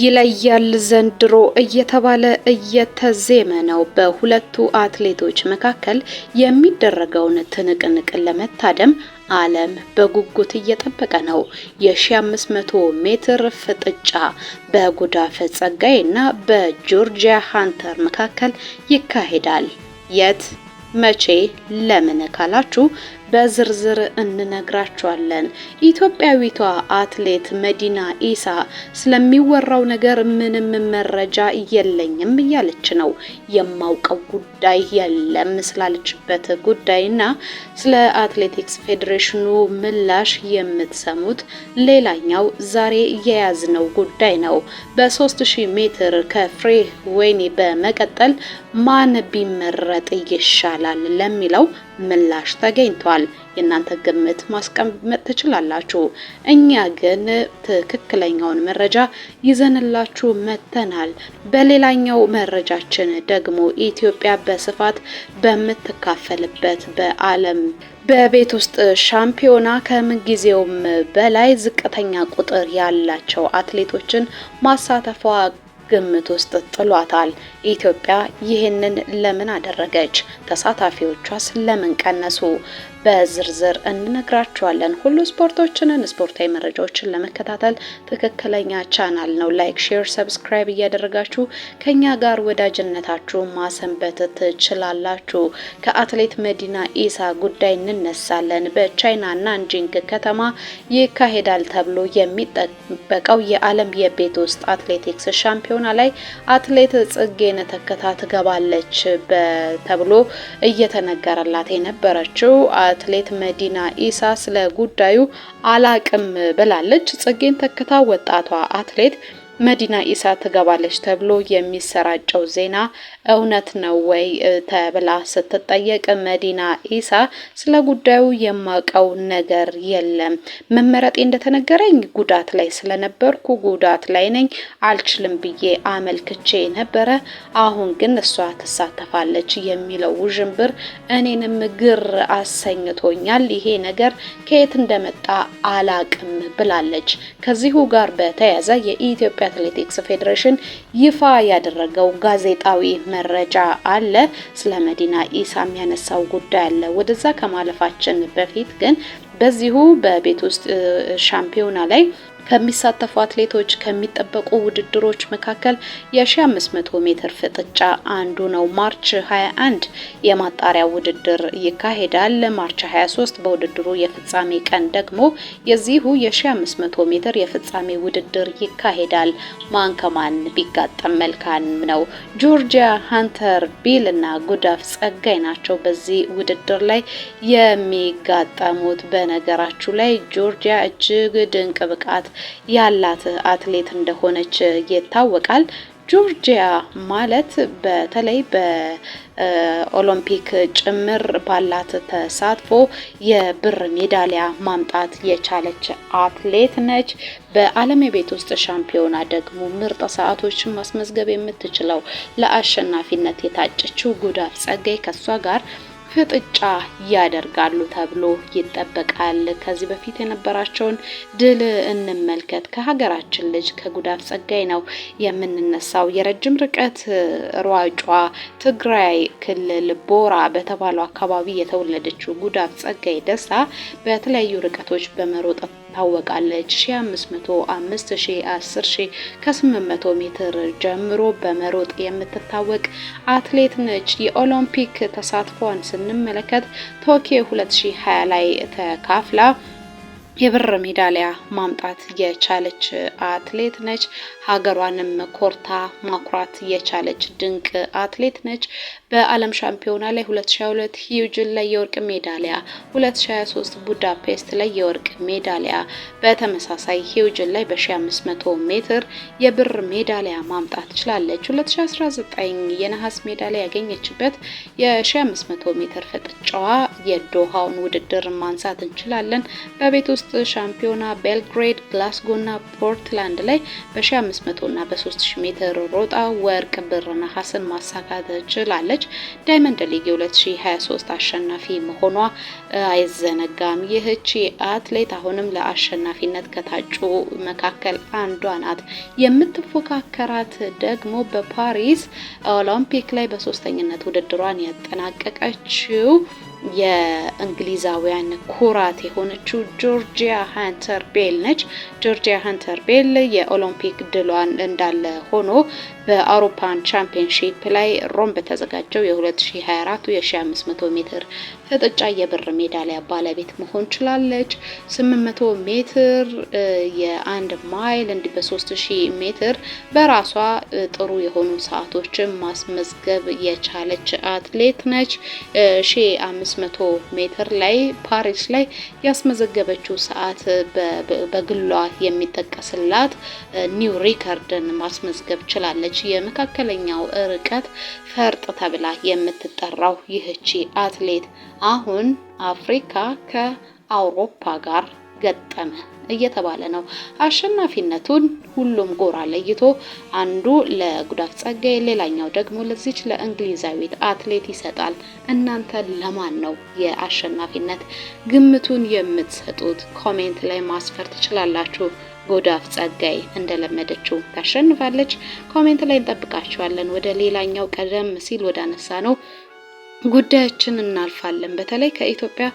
ይለያል ዘንድሮ እየተባለ እየተዜመ ነው። በሁለቱ አትሌቶች መካከል የሚደረገውን ትንቅንቅ ለመታደም ዓለም በጉጉት እየጠበቀ ነው። የ1500 ሜትር ፍጥጫ በጉዳፍ ጸጋይና እና በጆርጂያ ሃንተር መካከል ይካሄዳል። የት መቼ ለምን ካላችሁ በዝርዝር እንነግራቸዋለን። ኢትዮጵያዊቷ አትሌት መዲና ኢሳ ስለሚወራው ነገር ምንም መረጃ የለኝም እያለች ነው። የማውቀው ጉዳይ የለም ስላለችበት ጉዳይና ስለ አትሌቲክስ ፌዴሬሽኑ ምላሽ የምትሰሙት ሌላኛው ዛሬ የያዝነው ጉዳይ ነው። በ3000 ሜትር ከፍሬ ወይኒ በመቀጠል ማን ቢመረጥ ይሻላል ለሚለው ምላሽ ተገኝቷል። የእናንተ ግምት ማስቀመጥ ትችላላችሁ። እኛ ግን ትክክለኛውን መረጃ ይዘንላችሁ መተናል። በሌላኛው መረጃችን ደግሞ ኢትዮጵያ በስፋት በምትካፈልበት በዓለም በቤት ውስጥ ሻምፒዮና ከምንጊዜውም በላይ ዝቅተኛ ቁጥር ያላቸው አትሌቶችን ማሳተፏ ግምት ውስጥ ጥሏታል። ኢትዮጵያ ይህንን ለምን አደረገች? ተሳታፊዎቿስ ለምን ቀነሱ? በዝርዝር እንነግራችኋለን። ሁሉ ስፖርቶችንን ስፖርታዊ መረጃዎችን ለመከታተል ትክክለኛ ቻናል ነው። ላይክ፣ ሼር፣ ሰብስክራይብ እያደረጋችሁ ከኛ ጋር ወዳጅነታችሁ ማሰንበት ትችላላችሁ። ከአትሌት መዲና ኢሳ ጉዳይ እንነሳለን። በቻይና ናንጂንግ ከተማ ይካሄዳል ተብሎ የሚጠበቀው የዓለም የቤት ውስጥ አትሌቲክስ ሻምፒዮና ላይ አትሌት ጽጌነ ተከታ ትገባለች ተብሎ እየተነገረላት የነበረችው አትሌት መዲና ኢሳ ስለ ጉዳዩ አላቅም ብላለች። ጽጌን ተክታ ወጣቷ አትሌት መዲና ኢሳ ትገባለች ተብሎ የሚሰራጨው ዜና እውነት ነው ወይ ተብላ ስትጠየቅ መዲና ኢሳ ስለ ጉዳዩ የማውቀው ነገር የለም፣ መመረጤ እንደተነገረኝ ጉዳት ላይ ስለነበርኩ ጉዳት ላይ ነኝ አልችልም ብዬ አመልክቼ ነበረ። አሁን ግን እሷ ትሳተፋለች የሚለው ውዥንብር እኔንም ግር አሰኝቶኛል። ይሄ ነገር ከየት እንደመጣ አላቅም ብላለች። ከዚሁ ጋር በተያያዘ የኢትዮጵያ አትሌቲክስ ፌዴሬሽን ይፋ ያደረገው ጋዜጣዊ መረጃ አለ። ስለ መዲና ኢሳ የሚያነሳው ጉዳይ አለ። ወደዛ ከማለፋችን በፊት ግን በዚሁ በቤት ውስጥ ሻምፒዮና ላይ ከሚሳተፉ አትሌቶች ከሚጠበቁ ውድድሮች መካከል የ1500 ሜትር ፍጥጫ አንዱ ነው። ማርች 21 የማጣሪያ ውድድር ይካሄዳል። ማርች 23 በውድድሩ የፍጻሜ ቀን ደግሞ የዚሁ የ1500 ሜትር የፍጻሜ ውድድር ይካሄዳል። ማን ከማን ቢጋጠም መልካም ነው? ጆርጂያ ሃንተር ቢል እና ጉዳፍ ጸጋይ ናቸው በዚህ ውድድር ላይ የሚጋጠሙት። በነገራችሁ ላይ ጆርጂያ እጅግ ድንቅ ብቃት ያላት አትሌት እንደሆነች ይታወቃል። ጆርጂያ ማለት በተለይ በኦሎምፒክ ጭምር ባላት ተሳትፎ የብር ሜዳሊያ ማምጣት የቻለች አትሌት ነች። በዓለም የቤት ውስጥ ሻምፒዮና ደግሞ ምርጥ ሰዓቶችን ማስመዝገብ የምትችለው ለአሸናፊነት የታጨችው ጉዳፍ ጸጋይ ከሷ ጋር ፍጥጫ ያደርጋሉ ተብሎ ይጠበቃል። ከዚህ በፊት የነበራቸውን ድል እንመልከት። ከሀገራችን ልጅ ከጉዳፍ ጸጋይ ነው የምንነሳው። የረጅም ርቀት ሯጯ ትግራይ ክልል ቦራ በተባለው አካባቢ የተወለደችው ጉዳፍ ጸጋይ ደሳ በተለያዩ ርቀቶች በመሮጥ ታወቃለች። 1500፣ ከ800 ሜትር ጀምሮ በመሮጥ የምትታወቅ አትሌት ነች። የኦሎምፒክ ተሳትፏን ስንመለከት ቶኪዮ 2020 ላይ ተካፍላ የብር ሜዳሊያ ማምጣት የቻለች አትሌት ነች። ሀገሯንም ኮርታ ማኩራት የቻለች ድንቅ አትሌት ነች። በዓለም ሻምፒዮና ላይ 2022 ሂዩጅን ላይ የወርቅ ሜዳሊያ፣ 2023 ቡዳፔስት ላይ የወርቅ ሜዳሊያ፣ በተመሳሳይ ሂዩጅን ላይ በ1500 ሜትር የብር ሜዳሊያ ማምጣት ችላለች። 2019 የነሐስ ሜዳሊያ ያገኘችበት የ1500 ሜትር ፍጥጫዋ የዶሃውን ውድድር ማንሳት እንችላለን። በቤት ውስጥ ሻምፒዮና ቤልግሬድ፣ ግላስጎ እና ፖርትላንድ ላይ በ1500 እና በ3000 ሜትር ሮጣ ወርቅ፣ ብር፣ ነሐስን ማሳካት ችላለች። አሸንፋለች። ዳይመንድ ሊግ የ2023 አሸናፊ መሆኗ አይዘነጋም። ይህቺ አትሌት አሁንም ለአሸናፊነት ከታጩ መካከል አንዷ ናት። የምትፎካከራት ደግሞ በፓሪስ ኦሎምፒክ ላይ በሶስተኝነት ውድድሯን ያጠናቀቀችው የእንግሊዛውያን ኩራት የሆነችው ጆርጂያ ሃንተር ቤል ነች። ጆርጂያ ሃንተር ቤል የኦሎምፒክ ድሏን እንዳለ ሆኖ በአውሮፓን ቻምፒየንሺፕ ላይ ሮም በተዘጋጀው የ2024 የ1500 ሜትር ፍጥጫ የብር ሜዳሊያ ባለቤት መሆን ችላለች። 800 ሜትር፣ የአንድ ማይል እንዲህ በ3000 ሜትር በራሷ ጥሩ የሆኑ ሰዓቶችን ማስመዝገብ የቻለች አትሌት ነች። 500 ሜትር ላይ ፓሪስ ላይ ያስመዘገበችው ሰዓት በግሏ የሚጠቀስላት ኒው ሪከርድን ማስመዝገብ ችላለች። የመካከለኛው ርቀት ፈርጥ ተብላ የምትጠራው ይህቺ አትሌት አሁን አፍሪካ ከአውሮፓ ጋር ገጠመ እየተባለ ነው። አሸናፊነቱን ሁሉም ጎራ ለይቶ አንዱ ለጉዳፍ ጸጋዬ፣ ሌላኛው ደግሞ ለዚች ለእንግሊዛዊት አትሌት ይሰጣል። እናንተ ለማን ነው የአሸናፊነት ግምቱን የምትሰጡት? ኮሜንት ላይ ማስፈር ትችላላችሁ። ጉዳፍ ጸጋዬ እንደለመደችው ታሸንፋለች? ኮሜንት ላይ እንጠብቃችኋለን። ወደ ሌላኛው ቀደም ሲል ወደ አነሳ ነው ጉዳያችን እናልፋለን። በተለይ ከኢትዮጵያ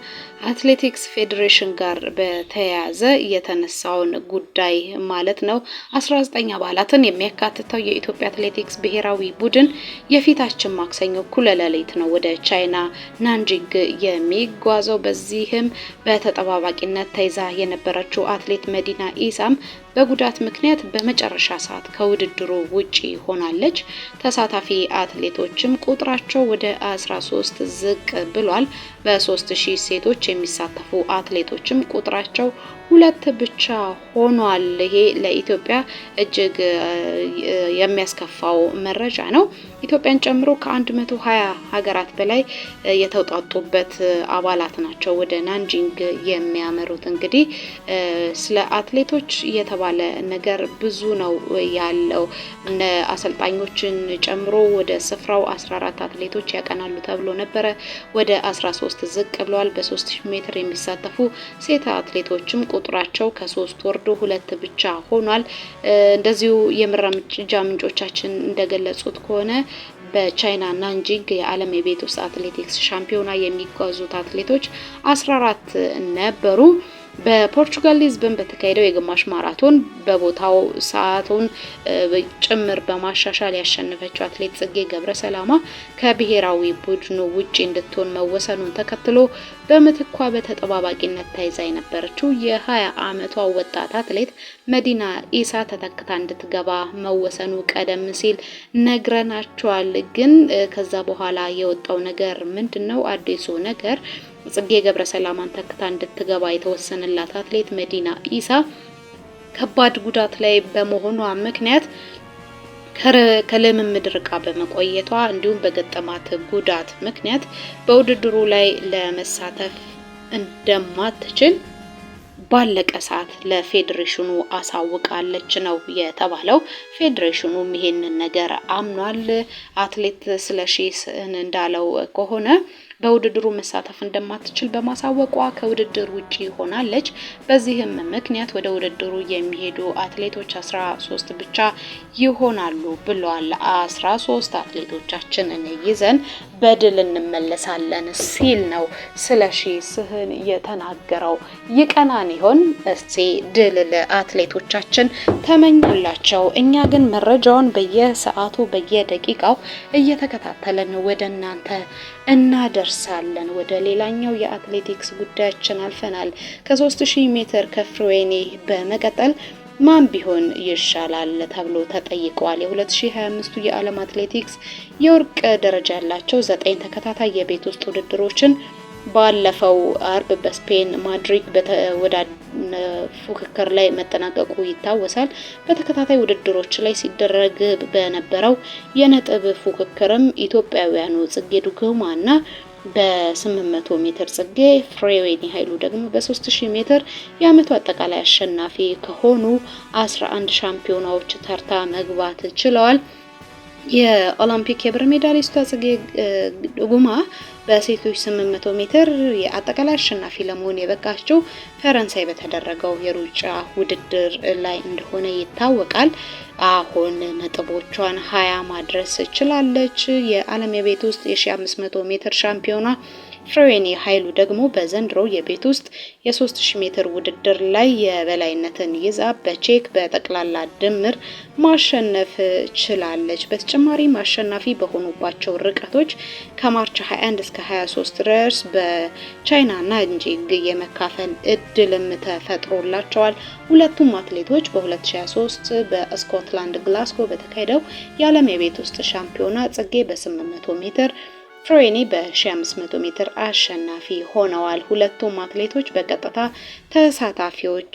አትሌቲክስ ፌዴሬሽን ጋር በተያያዘ የተነሳውን ጉዳይ ማለት ነው። 19 አባላትን የሚያካትተው የኢትዮጵያ አትሌቲክስ ብሔራዊ ቡድን የፊታችን ማክሰኞ እኩለ ሌሊት ነው ወደ ቻይና ናንጂንግ የሚጓዘው። በዚህም በተጠባባቂነት ተይዛ የነበረችው አትሌት መዲና ኢሳም በጉዳት ምክንያት በመጨረሻ ሰዓት ከውድድሩ ውጪ ሆናለች። ተሳታፊ አትሌቶችም ቁጥራቸው ወደ 13 ዝቅ ብሏል። በ3000 ሴቶች የሚሳተፉ አትሌቶችም ቁጥራቸው ሁለት ብቻ ሆኗል። ይሄ ለኢትዮጵያ እጅግ የሚያስከፋው መረጃ ነው። ኢትዮጵያን ጨምሮ ከ120 ሀገራት በላይ የተውጣጡበት አባላት ናቸው ወደ ናንጂንግ የሚያመሩት። እንግዲህ ስለ አትሌቶች የተባለ ነገር ብዙ ነው ያለው። እነ አሰልጣኞችን ጨምሮ ወደ ስፍራው 14 አትሌቶች ያቀናሉ ተብሎ ነበረ። ወደ 13 ዝቅ ብለዋል። በ3000 ሜትር የሚሳተፉ ሴት አትሌቶችም ቁጥራቸው ከሶስት ወርዶ ሁለት ብቻ ሆኗል። እንደዚሁ የመረጃ ምንጮቻችን እንደገለጹት ከሆነ በቻይና ናንጂንግ የዓለም የቤት ውስጥ አትሌቲክስ ሻምፒዮና የሚጓዙት አትሌቶች 14 ነበሩ። በፖርቹጋል ሊዝበን በተካሄደው የግማሽ ማራቶን በቦታው ሰዓቱን ጭምር በማሻሻል ያሸነፈችው አትሌት ጽጌ ገብረ ሰላማ ከብሔራዊ ቡድኑ ውጪ እንድትሆን መወሰኑን ተከትሎ በምትኳ በተጠባባቂነት ተይዛ የነበረችው የ20 ዓመቷ ወጣት አትሌት መዲና ኢሳ ተተክታ እንድትገባ መወሰኑ ቀደም ሲል ነግረናቸዋል። ግን ከዛ በኋላ የወጣው ነገር ምንድን ነው? አዲሱ ነገር ጽጌ ገብረ ሰላማን ተክታ እንድትገባ የተወሰነላት አትሌት መዲና ኢሳ ከባድ ጉዳት ላይ በመሆኗ ምክንያት ከልምምድ ርቃ በመቆየቷ እንዲሁም በገጠማት ጉዳት ምክንያት በውድድሩ ላይ ለመሳተፍ እንደማትችል ባለቀ ሰዓት ለፌዴሬሽኑ አሳውቃለች ነው የተባለው። ፌዴሬሽኑም ይሄንን ነገር አምኗል። አትሌት ስለሺ እንዳለው ከሆነ በውድድሩ መሳተፍ እንደማትችል በማሳወቋ ከውድድር ውጪ ሆናለች። በዚህም ምክንያት ወደ ውድድሩ የሚሄዱ አትሌቶች 13 ብቻ ይሆናሉ ብለዋል። 13 አትሌቶቻችንን ይዘን በድል እንመለሳለን ሲል ነው ስለ ሺ ስህን የተናገረው። ይቀናን ይሆን እስቲ? ድል ለአትሌቶቻችን ተመኙላቸው። እኛ ግን መረጃውን በየሰዓቱ በየደቂቃው እየተከታተለን ወደ እናንተ እናደርሳለን። ወደ ሌላኛው የአትሌቲክስ ጉዳያችን አልፈናል። ከ3000 ሜትር ከፍሬኔ በመቀጠል ማን ቢሆን ይሻላል ተብሎ ተጠይቀዋል። የ2025ቱ የዓለም አትሌቲክስ የወርቅ ደረጃ ያላቸው ዘጠኝ ተከታታይ የቤት ውስጥ ውድድሮችን ባለፈው አርብ በስፔን ማድሪድ በተወዳ ፉክክር ላይ መጠናቀቁ ይታወሳል። በተከታታይ ውድድሮች ላይ ሲደረግ በነበረው የነጥብ ፉክክርም ኢትዮጵያውያኑ ጽጌ ዱጉማና በ800 ሜትር ጽጌ ፍሬዌኒ ኃይሉ ደግሞ በ3000 ሜትር የዓመቱ አጠቃላይ አሸናፊ ከሆኑ 11 ሻምፒዮናዎች ተርታ መግባት ችለዋል። የኦሎምፒክ የብር ሜዳሊስቷ ጽጌ ጉማ በሴቶች 800 ሜትር የአጠቃላይ አሸናፊ ለመሆን የበቃቸው ፈረንሳይ በተደረገው የሩጫ ውድድር ላይ እንደሆነ ይታወቃል። አሁን ነጥቦቿን ሀያ ማድረስ ችላለች። የዓለም የቤት ውስጥ የ1500 ሜትር ሻምፒዮኗ ፍሬዌኒ ኃይሉ ደግሞ በዘንድሮ የቤት ውስጥ የ3000 ሜትር ውድድር ላይ የበላይነትን ይዛ በቼክ በጠቅላላ ድምር ማሸነፍ ችላለች። በተጨማሪም አሸናፊ በሆኑባቸው ርቀቶች ከማርች 21 እስከ 23 ድረስ በቻይና ናንጂንግ የመካፈል እድልም ተፈጥሮላቸዋል። ሁለቱም አትሌቶች በ2023 በስኮ ስኮትላንድ ግላስጎ በተካሄደው የዓለም የቤት ውስጥ ሻምፒዮና ጽጌ በ800 ሜትር ፍሬኒ በ1500 ሜትር አሸናፊ ሆነዋል። ሁለቱም አትሌቶች በቀጥታ ተሳታፊዎች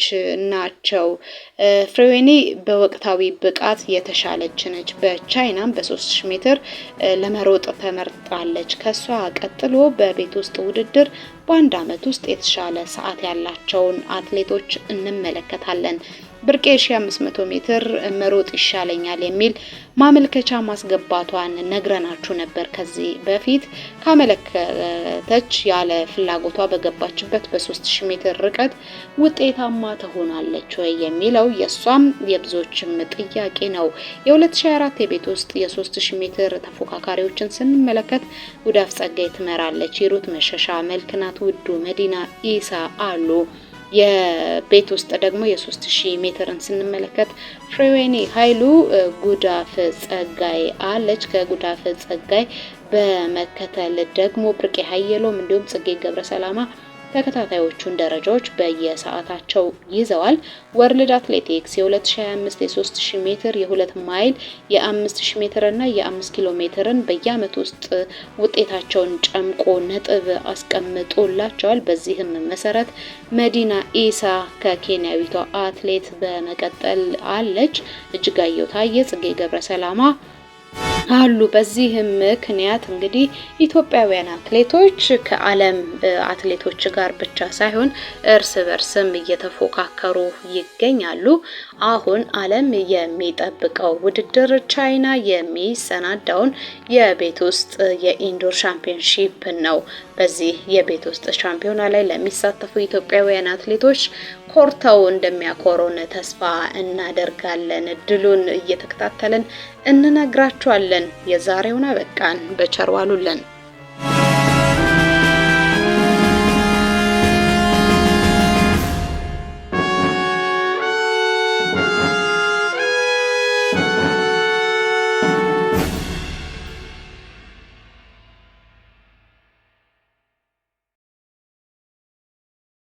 ናቸው። ፍሬኒ በወቅታዊ ብቃት የተሻለች ነች። በቻይናም በ3000 ሜትር ለመሮጥ ተመርጣለች። ከሷ ቀጥሎ በቤት ውስጥ ውድድር በአንድ ዓመት ውስጥ የተሻለ ሰዓት ያላቸውን አትሌቶች እንመለከታለን። ብርቄ ሺ 500 ሜትር መሮጥ ይሻለኛል የሚል ማመልከቻ ማስገባቷን ነግረናችሁ ነበር። ከዚህ በፊት ካመለከተች ያለ ፍላጎቷ በገባችበት በ3000 ሜትር ርቀት ውጤታማ ትሆናለች ወይ የሚለው የእሷም የብዙዎችም ጥያቄ ነው። የ2024 የቤት ውስጥ የ3000 ሜትር ተፎካካሪዎችን ስንመለከት ውዳፍ ጸጋይ ትመራለች። ሂሩት መሸሻ፣ መልክናት ውዱ፣ መዲና ኢሳ አሉ። የቤት ውስጥ ደግሞ የ3000 ሜትርን ስንመለከት ፍሬዌኒ ኃይሉ ጉዳፍ ጸጋይ አለች። ከጉዳፍ ጸጋይ በመከተል ደግሞ ብርቄ ሀየሎም እንዲሁም ጽጌ ገብረ ሰላማ ተከታታዮቹን ደረጃዎች በየሰዓታቸው ይዘዋል። ወርልድ አትሌቲክስ የ2025 የ3000 ሜትር፣ የ2 ማይል፣ የ5000 ሜትር እና የ5 ኪሎ ሜትርን በየአመት ውስጥ ውጤታቸውን ጨምቆ ነጥብ አስቀምጦላቸዋል። በዚህም መሰረት መዲና ኢሳ ከኬንያዊቷ አትሌት በመቀጠል አለች። እጅጋየሁ ታየ፣ ጽጌ ገብረ ሰላማ አሉ። በዚህም ምክንያት እንግዲህ ኢትዮጵያውያን አትሌቶች ከዓለም አትሌቶች ጋር ብቻ ሳይሆን እርስ በርስም እየተፎካከሩ ይገኛሉ። አሁን ዓለም የሚጠብቀው ውድድር ቻይና የሚሰናዳውን የቤት ውስጥ የኢንዶር ሻምፒዮንሺፕ ነው። በዚህ የቤት ውስጥ ሻምፒዮና ላይ ለሚሳተፉ ኢትዮጵያውያን አትሌቶች ኮርተው እንደሚያኮሩን ተስፋ እናደርጋለን። ድሉን እየተከታተልን እንነግራችኋለን። የዛሬውን አበቃን። በቸር ዋሉልን።